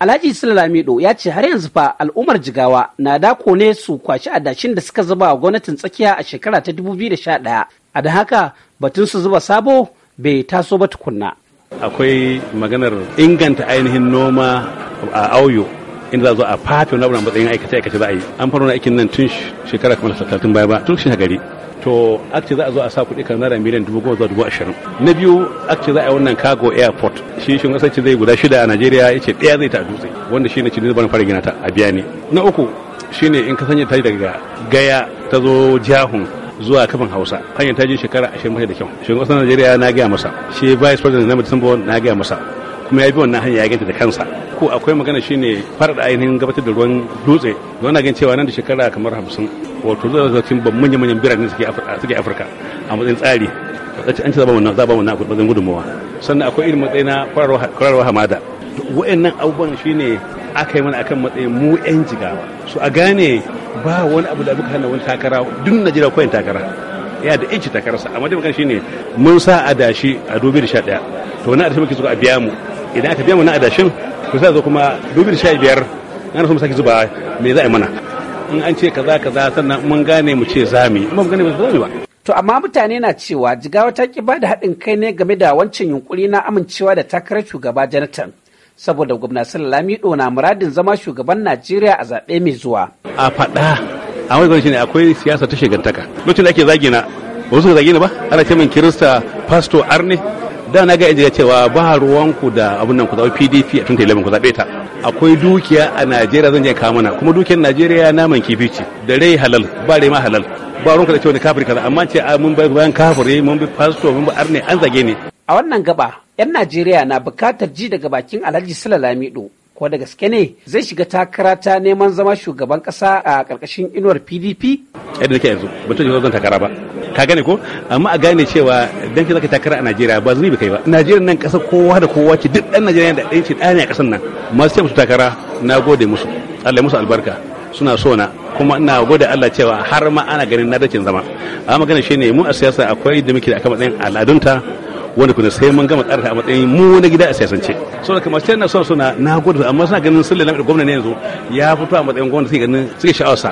Alhaji Lamido ya ce har yanzu fa al'ummar Jigawa na dako ne su kwashi adashin da suka zuba wa gwamnatin tsakiya a shekara ta 2011. A da haka batun su zuba sabo bai taso ba tukunna. Akwai maganar inganta ainihin noma a auyo inda za a zo a fafe wani abu matsayin aikace aikace za a yi. An faru na aikin nan tun shekara kamar talatin baya ba tun shi gari. to a ce za a zo a sa kuɗi kan naira miliyan dubu goma zuwa dubu ashirin na biyu a ce za a yi wannan cargo airport shi shi ƙasar ce zai guda shida a najeriya ya ce ɗaya zai ta dutse wanda shi ne cini ban fara gina ta a biya ne na uku shi ne in ka sanya ta daga gaya ta zo jahun zuwa kafin hausa hanyar ta ji shekara ashirin mai da kyau shugaban ƙasar najeriya na gaya masa shi vice president na mutum na gaya masa kuma ya bi wannan hanya ya ganta da kansa ko akwai magana shine farda ainihin gabatar da ruwan dutse don na gan cewa nan da shekara kamar hamsin wato zai zo cikin manyan manyan birane suke afirka a matsayin tsari wacce an ci zaba wannan zaba wannan akwai bazan gudunmawa sannan akwai irin matsayi na kwararwa hamada wayannan abubuwan shine aka yi mana akan matsayin mu 'yan jigawa su a gane ba wani abu da muka hana wani takara duk jira koyin takara ya da inci sa amma dai magana shine mun sa adashi a 2011 to wannan adashi muke zuwa a biya mu idan aka biya mu na adashin to sai zo kuma dubin da sha biyar an so mu zuba me za a yi mana in an ce kaza kaza sannan mun gane mu ce zami in mu gane ba zami ba To amma mutane na cewa jigawa ta ki bada haɗin kai ne game da wancan yunkuri na amincewa da takarar shugaba janatan Saboda gwamna Lamido na muradin zama shugaban Najeriya a zaɓe mai zuwa. A faɗa a wani gwamnati ne akwai siyasa ta shigantaka. Lokacin da ake zagina, wasu zagina ba, ana ce min Kirista, Pastor Arne, da na ga inda cewa ba ruwanku da abun nan ku zaɓi PDP a 2011 ku zaɓe ta akwai dukiya a Najeriya zan je kawo mana kuma dukiyar Najeriya naman kifi ce da rai halal ba rai ma halal ba ruwanku da cewa ni kafir kaza amma ce mun bai bayan kafir mun bi pastor mun bi arne an zage ne. a wannan gaba 'yan Najeriya na bukatar ji daga bakin Alhaji Sula do. ko da gaske ne zai shiga takara ta neman zama shugaban kasa a karkashin inuwar pdp yadda nake yanzu ba ta zan takara ba ka gane ko amma a gane cewa dan ki zaka takara a najeriya ba zuri kai ba najeriya nan kasa kowa da kowa ce duk dan najeriya da ɗan ce ne a kasar nan masu ce musu takara na gode musu allah musu albarka suna so na kuma ina gode Allah cewa har ma ana ganin na dace zama amma magana shine mu a siyasa akwai da muke da aka matsayin al'adunta wanda kuna sai mun gama tsara a matsayin mu na gida a siyasance so da kamar na son suna na gudu amma suna ganin sun lalama gwamna ne yanzu ya fito a matsayin gwamna suke ganin suke sha'awarsa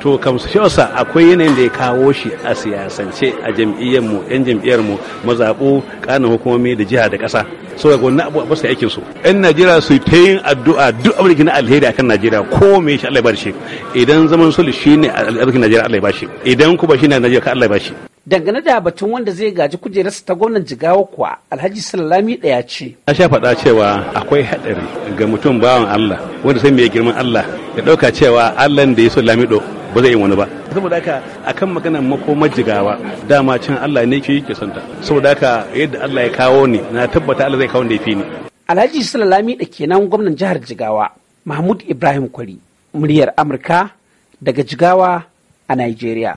to kam sha'awarsa akwai yanayin da ya kawo shi a siyasance a jam'iyyar mu yan jam'iyyar mu mazaɓu ƙanan hukumomi da jiha da ƙasa so da gwamna abu ba su aikin su yan najeriya su ta yin addu'a duk abin da alheri akan najeriya ko me shi Allah ya bashi idan zaman sulhu shine alheri najeriya Allah ya bashi idan kuma shine najeriya ka Allah ya bashi dangane da batun wanda zai gaji kujerarsa ta gwamnan jigawa kuwa alhaji salami daya ce a sha faɗa cewa akwai haɗari ga mutum bawan allah wanda sai mai girman allah ya ɗauka cewa allah da ya so lamido ba zai yi wani ba saboda haka akan maganar mako jigawa dama can allah ne ke yake santa saboda haka yadda allah ya kawo ni na tabbata allah zai kawo da ya fi ni alhaji salami da kenan gwamnan jihar jigawa mahmud ibrahim kwari muryar amurka daga jigawa a nigeria